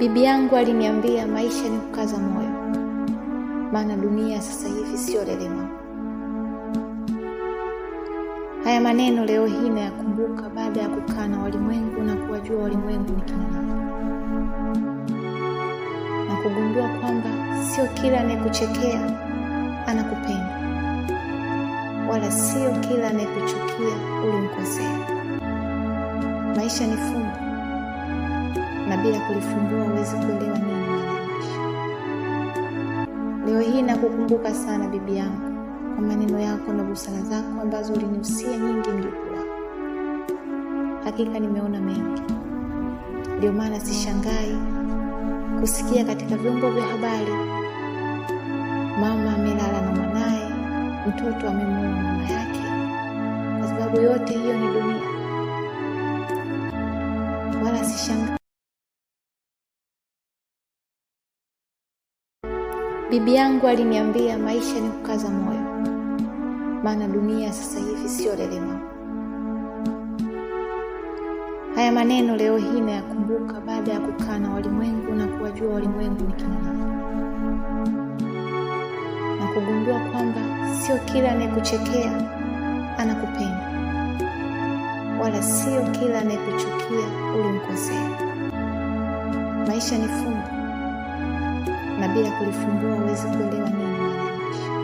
Bibi yangu aliniambia maisha ni kukaza moyo, maana dunia sasa hivi siyo lelema. Haya maneno leo hii nayakumbuka baada ya kukaa na walimwengu na kuwajua walimwengu ni kina na kugundua kwamba sio kila anayekuchekea anakupenda, wala sio kila anayekuchukia ulimkosea. Maisha ni fungu na bila kulifumbua uwezi kuelewa nini linamaanisha. Leo hii nakukumbuka sana bibi yangu kwa maneno yako na busara zako ambazo ulinihusia nyingi mjukuu Hakika nimeona mengi, ndio maana sishangai kusikia katika vyombo vya habari mama amelala na mwanaye, mtoto amemuua mama yake, kwa sababu yote hiyo ni dunia, wala sishangai Bibi yangu aliniambia maisha ni kukaza moyo, maana dunia sasa hivi siyo lelema. Haya maneno leo hii nayakumbuka baada ya kukaa na walimwengu na kuwajua walimwengu ni kina na kugundua kwamba sio kila anayekuchekea anakupenda, wala sio kila anayekuchukia ulimkosea. Maisha ni fungu bila kulifungua uwezi kuelewa nini linamaanisha.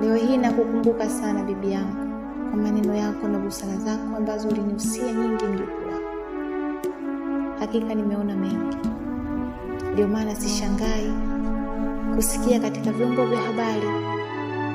Leo hii nakukumbuka sana bibi yangu kwa maneno yako na busara zako ambazo ulinihusia nyingi mjukuu Hakika nimeona mengi, ndio maana sishangai kusikia katika vyombo vya habari